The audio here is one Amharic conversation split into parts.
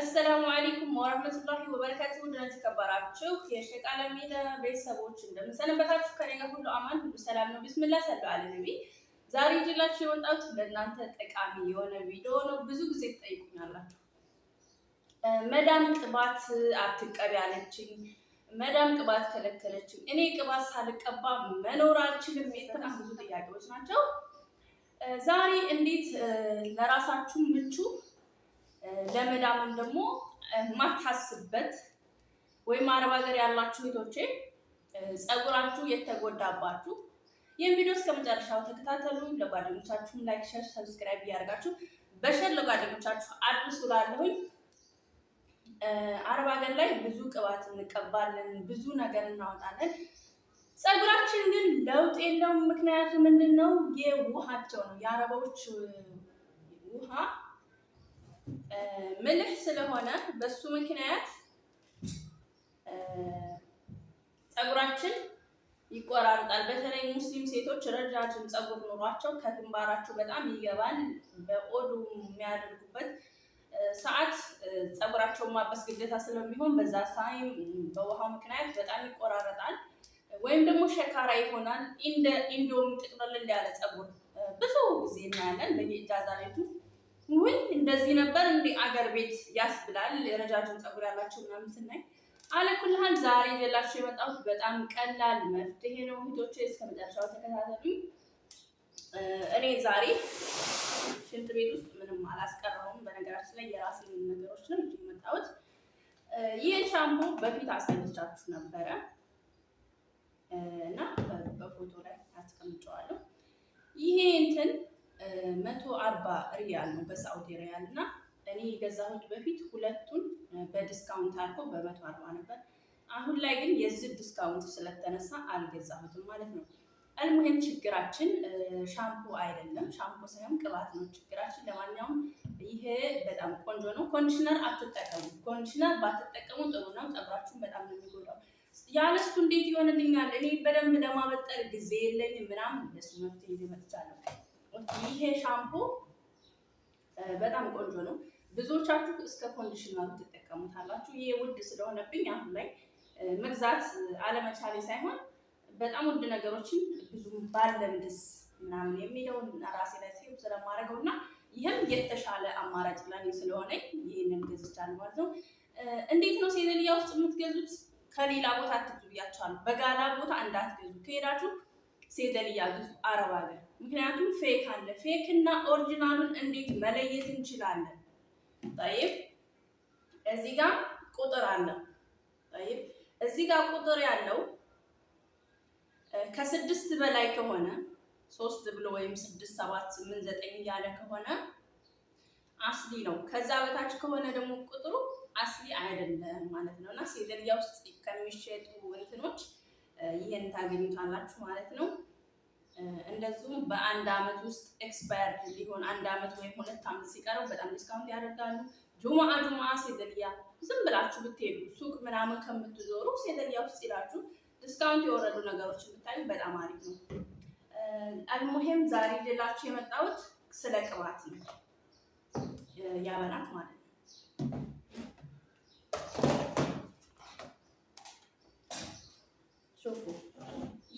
አሰላሙ አለይኩም ወራህመቱላሂ ወበረካቱሁ። እንደምን ተከበራችሁ የሸቃለ ሚዲያ ቤተሰቦች እንደምንሰነበታችሁ? ከኔ ጋር ሁሉ አማን ሁሉ ሰላም ነው። ቢስሚላ ሰለ አለ ነቢ። ዛሬ ይዤላችሁ የወጣሁት ለእናንተ ጠቃሚ የሆነ ቪዲዮ ነው። ብዙ ጊዜ ትጠይቁኛላችሁ። መዳም ቅባት አትቀቢ አለችኝ፣ መዳም ቅባት ከለከለችኝ፣ እኔ ቅባት ሳልቀባ መኖር አልችልም። በጣም ብዙ ጥያቄዎች ናቸው። ዛሬ እንዴት ለራሳችሁ ምቹ ለመዳምን ደግሞ የማታስበት ወይም አረብ ሀገር ያላችሁ እህቶቼ ጸጉራችሁ የተጎዳባችሁ ይህን ቪዲዮ እስከ መጨረሻው ተከታተሉ። ለጓደኞቻችሁም ላይክ፣ ሸር፣ ሰብስክራይብ እያደርጋችሁ በሸር ለጓደኞቻችሁ አድርሱ። ላለሁኝ አረብ ሀገር ላይ ብዙ ቅባት እንቀባለን፣ ብዙ ነገር እናወጣለን። ጸጉራችን ግን ለውጥ የለውም። ምክንያቱ ምንድን ነው? የውሃቸው ነው የአረቦች ውሃ ምልህ ስለሆነ በሱ ምክንያት ፀጉራችን ይቆራርጣል። በተለይ ሙስሊም ሴቶች ረጃጅም ፀጉር ኑሯቸው ከግንባራቸው በጣም ይገባል። በኦዱ የሚያደርጉበት ሰዓት ፀጉራቸውን ማበስ ግዴታ ስለሚሆን በዛ ሳይም በውሃው ምክንያት በጣም ይቆራረጣል። ወይም ደግሞ ሸካራ ይሆናል። ኢንዶም ጥቅልል ያለ ፀጉር ብዙ ጊዜ እናያለን በየኢጃዛ ቤቱ እንደዚህ ነበር እንዲ አገር ቤት ያስብላል። ረጃጅም ፀጉር ያላቸው ምናምን ስናይ አለኩልሃል። ዛሬ ይዤላችሁ የመጣሁት በጣም ቀላል መፍትሄ ነው እህቶቼ፣ እስከ መጨረሻው ተከታተሉኝ። እኔ ዛሬ ሽንት ቤት ውስጥ ምንም አላስቀረውም። በነገራችን ላይ የራሴን ነገሮች ነው የመጣሁት። ይህ ሻምፖ በፊት አሳይቻችሁ ነበረ እና በፎቶ ላይ አስቀምጨዋለሁ። ይሄ እንትን መቶ አርባ ሪያል ነው በሳዑዲ ሪያል እና እኔ የገዛሁት በፊት ሁለቱን በዲስካውንት አድርጎ በመቶ አርባ ነበር። አሁን ላይ ግን የዚህ ዲስካውንት ስለተነሳ አልገዛሁትም ማለት ነው። አልሙሄም ችግራችን ሻምፖ አይደለም፣ ሻምፖ ሳይሆን ቅባት ነው ችግራችን። ለማንኛውም ይሄ በጣም ቆንጆ ነው። ኮንዲሽነር አትጠቀሙ። ኮንዲሽነር ባትጠቀሙ ጥሩ ነው። ፀጉራችሁን በጣም ነው የሚጎዳው። ያለሱ እንዴት ይሆንልኛል? እኔ በደንብ ለማበጠር ጊዜ የለኝም ምናምን ለሱ መፍትሄ ይመጥቻለሁ። ይሄ ሻምፖ በጣም ቆንጆ ነው። ብዙዎቻችሁ እስከ ኮንዲሽነሩ ትጠቀሙታላችሁ። ይሄ ውድ ስለሆነብኝ አሁን ላይ መግዛት አለመቻሌ ሳይሆን በጣም ውድ ነገሮችን ብዙ ባለምድስ ምናምን የሚለውን ራሴ ላይ ሴ ስለማደርገው እና ይህም የተሻለ አማራጭ ለኔ ስለሆነ ይህንን ገዝቻለሁ ማለት ነው። እንዴት ነው ሴዘልያ ውስጥ የምትገዙት? ከሌላ ቦታ አትግዙ ብያችኋለሁ። በጋላ ቦታ እንዳትገዙ። ከሄዳችሁ ሴዘልያ ግዙ፣ አረብ አገር ምክንያቱም ፌክ አለ። ፌክ እና ኦሪጂናሉን እንዴት መለየት እንችላለን? ጠይብ እዚህ ጋር ቁጥር አለ። ጠይብ እዚህ ጋር ቁጥር ያለው ከስድስት በላይ ከሆነ ሶስት ብሎ ወይም ስድስት ሰባት ስምንት ዘጠኝ እያለ ከሆነ አስሊ ነው። ከዛ በታች ከሆነ ደግሞ ቁጥሩ አስሊ አይደለም ማለት ነው እና ሴደልያ ውስጥ ከሚሸጡ እንትኖች ይህን ታገኙታላችሁ ማለት ነው። እንደዚሁም በአንድ አመት ውስጥ ኤክስፓየርድ ሊሆን አንድ አመት ወይም ሁለት አመት ሲቀረው በጣም ዲስካውንት ያደርጋሉ። ጁማ ጁማ ሴደልያ ዝም ብላችሁ ብትሄዱ ሱቅ ምናምን ከምትዞሩ ሴደልያ ውስጥ ይላችሁ ዲስካውንት የወረዱ ነገሮች ብታዩ በጣም አሪፍ ነው። አልሙሄም ዛሬ ሌላችሁ የመጣሁት ስለ ቅባት ነው። ያበራት ማለት ነው።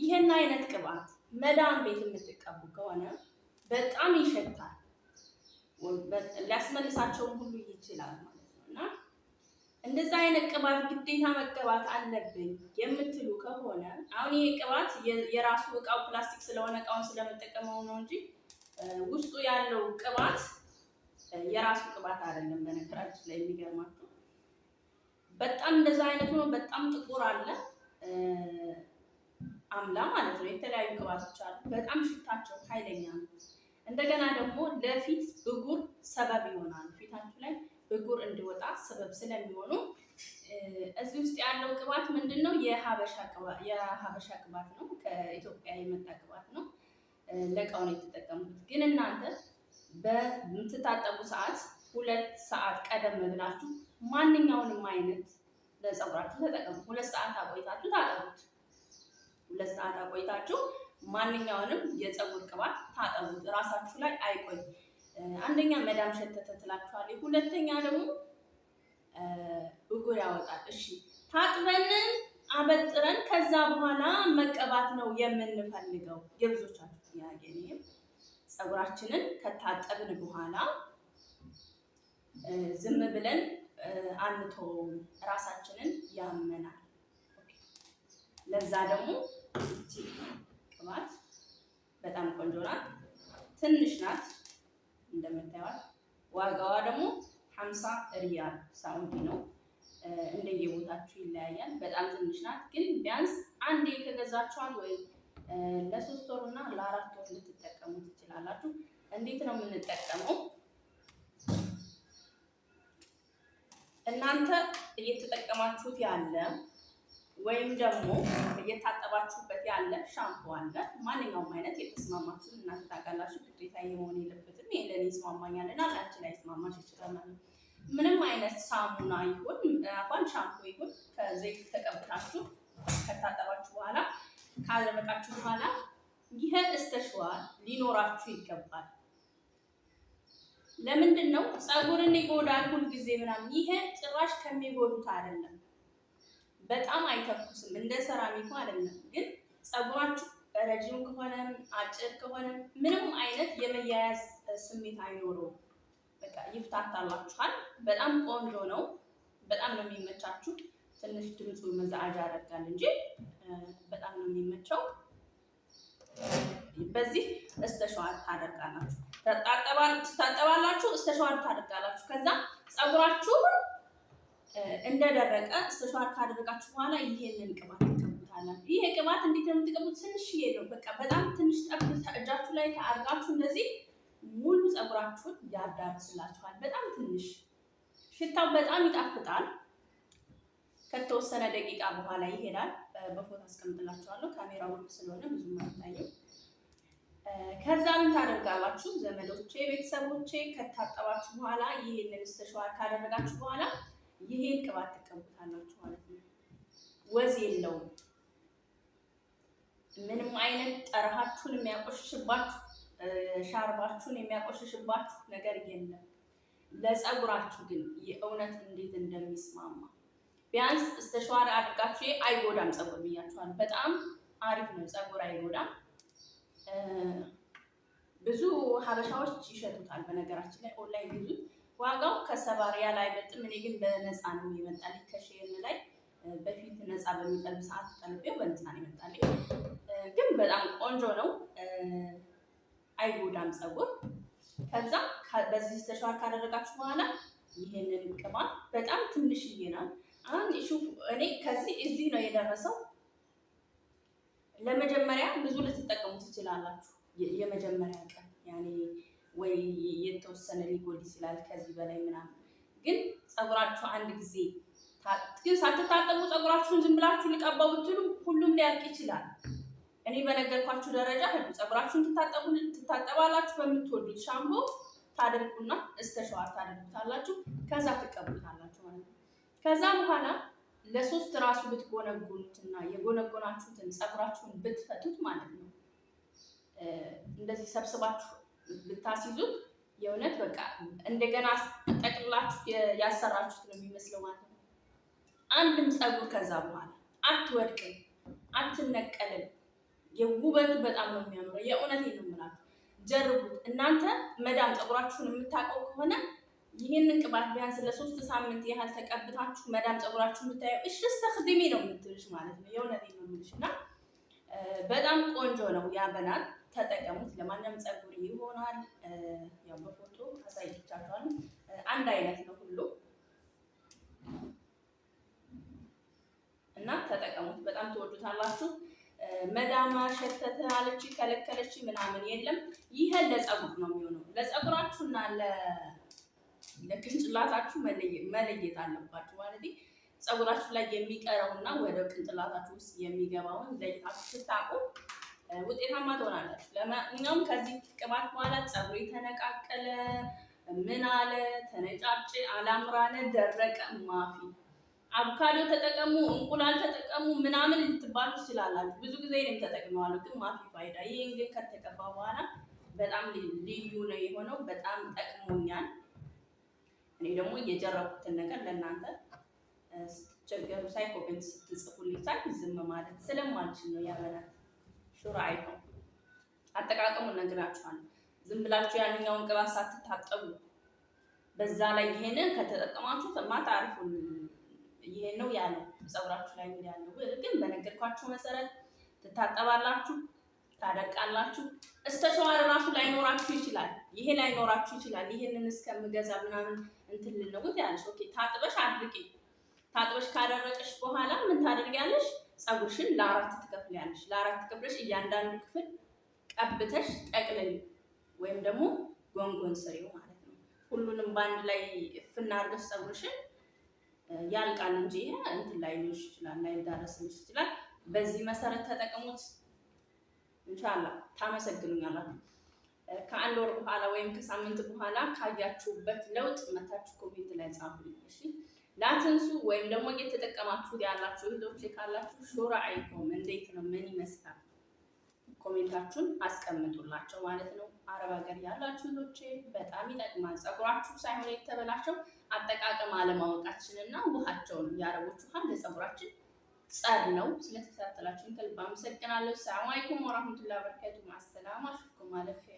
ይህን አይነት ቅባት መዳን ቤት የምትቀቡ ከሆነ በጣም ይሸታል። ሊያስመልሳቸውም ሁሉ ይችላል ማለት ነው እና እንደዛ አይነት ቅባት ግዴታ መቀባት አለብን የምትሉ ከሆነ አሁን ይሄ ቅባት የራሱ እቃው ፕላስቲክ ስለሆነ እቃውን ስለመጠቀመው ነው እንጂ ውስጡ ያለው ቅባት የራሱ ቅባት አይደለም። በነገራችን ላይ የሚገርማችሁ በጣም እንደዛ አይነት ሆኖ በጣም ጥቁር አለ አምላ ማለት ነው። የተለያዩ ቅባቶች አሉ። በጣም ሽታቸው ኃይለኛ ነው። እንደገና ደግሞ ለፊት ብጉር ሰበብ ይሆናል ፊታችሁ ላይ ብጉር እንዲወጣ ሰበብ ስለሚሆኑ እዚህ ውስጥ ያለው ቅባት ምንድን ነው? የሀበሻ ቅባት ነው። ከኢትዮጵያ የመጣ ቅባት ነው። ለቃው ነው ግን እናንተ በምትታጠቡ ሰዓት ሁለት ሰዓት ቀደም ብላችሁ ማንኛውንም አይነት ለፀጉራችሁ ተጠቀሙ። ሁለት ሰዓት አቆይታችሁ ታጠቡት። ሁለት ሰዓት አቆይታችሁ ማንኛውንም የፀጉር ቅባት ታጠቡት። እራሳችሁ ላይ አይቆይ። አንደኛ መዳም ሸተተ ትላችኋል፣ ሁለተኛ ደግሞ ብጉር ያወጣል። እሺ ታጥበን አበጥረን ከዛ በኋላ መቀባት ነው የምንፈልገው። የብዙቻችሁ ጥያቄ ነው። ፀጉራችንን ከታጠብን በኋላ ዝም ብለን አንቶ እራሳችንን ያመናል። ለዛ ደግሞ ቅባት በጣም ቆንጆ ናት። ትንሽ ናት እንደምታዩት። ዋጋዋ ደግሞ ሀምሳ ሪያል ሳውዲ ነው። እንደየቦታችሁ ይለያያል። በጣም ትንሽ ናት፣ ግን ቢያንስ አንዴ ከገዛችኋል ወይ ለሶስት ወር እና ለአራት ወር ልትጠቀሙ ትችላላችሁ። እንዴት ነው የምንጠቀመው? እናንተ እየተጠቀማችሁት ያለ ወይም ደግሞ እየታጠባችሁበት ያለ ሻምፖ አለ። ማንኛውም አይነት የተስማማችሁን እናንተ ታውቃላችሁ። ግዴታ የመሆን የለበትም። ይሄ ለእኔ ይስማማኛል እና ላንቺ ላይስማማሽ ይችላል። ምንም አይነት ሳሙና ይሁን አፋን ሻምፖ ይሁን ከዘይት ተቀብታችሁ ከታጠባችሁ በኋላ ካለበቃችሁ በኋላ ይህ እስተሸዋል ሊኖራችሁ ይገባል። ለምንድን ነው ጸጉርን ይጎዳል ሁልጊዜ ምናምን? ይሄ ጭራሽ ከሚጎዱት አይደለም። በጣም አይተኩስም። እንደ ሰራሚኩ አይደለም። ግን ጸጉራችሁ ረጅም ከሆነም አጭር ከሆነም ምንም አይነት የመያያዝ ስሜት አይኖረው በቃ ይፍታታላችኋል። በጣም ቆንጆ ነው። በጣም ነው የሚመቻችሁ። ትንሽ ድምፁ መዛአጃ ያደርጋል እንጂ በጣም ነው የሚመቸው። በዚህ እስተሸዋር ታደርጋላችሁ። ታጠባላችሁ፣ እስተሸዋር ታደርጋላችሁ። ከዛ ጸጉራችሁ እንደደረቀ ስኳር ካደረጋችሁ በኋላ ይሄንን ቅባት ትቀቡታላችሁ። ይሄ ቅባት እንዴት ነው የምትቀቡት? ትንሽዬ ነው በቃ በጣም ትንሽ ጠብታ እጃችሁ ላይ አድርጋችሁ እንደዚህ ሙሉ ፀጉራችሁን ያዳርስላችኋል። በጣም ትንሽ ሽታው በጣም ይጣፍጣል። ከተወሰነ ደቂቃ በኋላ ይሄዳል። በፎቶ አስቀምጥላችኋለሁ። ካሜራ ውድ ስለሆነ ብዙ አይታይም። ከዛ ምን ታደርጋላችሁ? ዘመዶቼ፣ ቤተሰቦቼ ከታጠባችሁ በኋላ ይሄንን ስተሸዋር ካደረጋችሁ በኋላ ይሄን ቅባት ትቀቡታላችሁ ማለት ነው። ወዝ የለውም። ምንም አይነት ጠረሃችሁን የሚያቆሽሽባችሁ ሻርባችሁን የሚያቆሽሽባችሁ ነገር የለም። ለፀጉራችሁ ግን የእውነት እንዴት እንደሚስማማ ቢያንስ እስከ ሸዋር አድርጋችሁ አይጎዳም ፀጉር ብያችኋል። በጣም አሪፍ ነው። ፀጉር አይጎዳም። ብዙ ሀበሻዎች ይሸጡታል። በነገራችን ላይ ኦንላይን ብዙ ዋጋው ከሰባ ሪያል አይበልጥም። እኔ ግን በነፃ ነው የሚመጣልኝ። ከሼን ላይ በፊት ነፃ በሚጠልብ ሰዓት ጠልቤው በነፃ ነው ይመጣልኝ። ግን በጣም ቆንጆ ነው፣ አይጎዳም ፀጉር። ከዛ በዚህ ተሸዋ ካደረጋችሁ በኋላ ይህንን ቅባት በጣም ትንሽዬ ነው አሁን ሹፍ፣ እኔ ከዚህ እዚህ ነው የደረሰው። ለመጀመሪያ ብዙ ልትጠቀሙ ትችላላችሁ። የመጀመሪያ ቀን ያኔ ወይ የተወሰነ ሊጎል ይችላል ከዚህ በላይ ምናምን። ግን ፀጉራችሁ አንድ ጊዜ ግን ሳትታጠቡ ፀጉራችሁን ዝም ብላችሁ ልቀባው ብትሉ ሁሉም ሊያልቅ ይችላል። እኔ በነገርኳችሁ ደረጃ ህዱ ፀጉራችሁን ትታጠቡ ትታጠባላችሁ። በምትወዱት ሻምቦ ታደርጉና እስተሸዋር ታደርጉታላችሁ። ከዛ ትቀቡታላችሁ ማለት ነው። ከዛ በኋላ ለሶስት ራሱ ብትጎነጉኑትና የጎነጎናችሁትን ፀጉራችሁን ብትፈቱት ማለት ነው እንደዚህ ሰብስባችሁ ብታስይዙት የእውነት በቃ እንደገና ጠቅላት ያሰራችሁት ነው የሚመስለው ማለት ነው። አንድም ፀጉር ከዛ በኋላ አትወድቅም፣ አትነቀልም። የውበቱ በጣም ነው የሚያምረው። የእውነት ነው የምላችሁ፣ ጀርቡት። እናንተ መዳም ፀጉራችሁን የምታውቀው ከሆነ ይህንን ቅባት ቢያንስ ለሶስት ሳምንት ያህል ተቀብታችሁ መዳም ፀጉራችሁን የምታየው እሺ ስተክድሜ ነው የምትልሽ ማለት ነው። የእውነት ነው እና በጣም ቆንጆ ነው ያበናል። ተጠቀሙት። ለማንም ፀጉር ይሆናል። ያው በፎቶ አሳይቻችኋል። አንድ አይነት ነው ሁሉ እና ተጠቀሙት። በጣም ትወዱታላችሁ። መዳማ ሸተተ አለች ከለከለች ምናምን የለም። ይሄ ለፀጉር ነው የሚሆነው። ለፀጉራችሁና ለቅንጭላታችሁ መለየት አለባችሁ ማለት ፀጉራችሁ ላይ የሚቀረውና ወደ ቅንጭላታችሁ ውስጥ የሚገባውን ለይታችሁ ስታቁ። ውጤታማ ትሆናላችሁ። ለማንኛውም ከዚህ ቅባት በኋላ ፀጉሬ ተነቃቀለ፣ ምን አለ፣ ተነጫጭ፣ አላምራለ፣ ደረቀ፣ ማፊ አቮካዶ ተጠቀሙ፣ እንቁላል ተጠቀሙ ምናምን ልትባሉ ትችላላችሁ። ብዙ ጊዜ እኔም ተጠቅመዋለሁ፣ ግን ማፊ ፋይዳ ይህ ግን ከተቀባ በኋላ በጣም ልዩ ነው የሆነው። በጣም ጠቅሞኛል። እኔ ደግሞ የጀረኩትን ነገር ለእናንተ ስትቸገሩ ሳይ ኮሜንት ስትጽፉልኝ ሳይ ዝም ማለት ስለማልችል ነው ያበላል ሹራ አይቆም አጠቃቀሙ እነግራችኋለሁ። ዝም ብላችሁ ያንኛውን ቅባት ሳትታጠቡ በዛ ላይ ይሄንን ከተጠቀማችሁ ማታ አሪፍ ይሄን ነው ያለው ፀጉራችሁ ላይ ያለው ግን በነገርኳችሁ መሰረት ትታጠባላችሁ፣ ታደርቃላችሁ። እስከ ሸዋር ራሱ ላይኖራችሁ ይችላል። ይሄ ላይኖራችሁ ይችላል። ይሄንን እስከምገዛ ምናምን እንትን ልለውጥ ያለሽ ኦኬ። ታጥበሽ አድርቂ። ታጥበሽ ካደረቀሽ በኋላ ምን ታደርጊያለሽ? ጸጉርሽን ለአራት ትከፍያለሽ። ለአራት ከፍለሽ እያንዳንዱ ክፍል ቀብተሽ ጠቅልል ወይም ደግሞ ጎንጎን ስሪው ማለት ነው። ሁሉንም በአንድ ላይ እፍና አድርገሽ ፀጉርሽን ያልቃል እንጂ ይሄ እንትን ላይ ሊሆን ይችላል፣ ላይ ዳረስ ላይዳረስ ይችላል። በዚህ መሰረት ተጠቅሙት። እንሻላ ታመሰግኑኛላችሁ። ከአንድ ወር በኋላ ወይም ከሳምንት በኋላ ካያችሁበት ለውጥ መታችሁ ኮሜንት ላይ ጻፉልኝ እሺ። ላትንሱ ወይም ደግሞ እየተጠቀማችሁ ያላችሁ እህቶች ካላችሁ ሹራ አይኮም እንዴት ነው? ምን ይመስላል? ኮሜንታችሁን አስቀምጡላቸው ማለት ነው። አረብ ሀገር ያላችሁ እህቶቼ በጣም ይጠቅማል። ጸጉራችሁ ሳይሆን የተበላሸው አጠቃቀም አለማወቃችንና ውሃቸውን የአረቦች ውሃ ለጸጉራችን ጸር ነው። ስለተከታተላችሁን ከልብ አመሰግናለሁ። ሰላም አለይኩም ወራህመቱላሂ ወበረካቱሁ። ማሰላማችሁ ማለት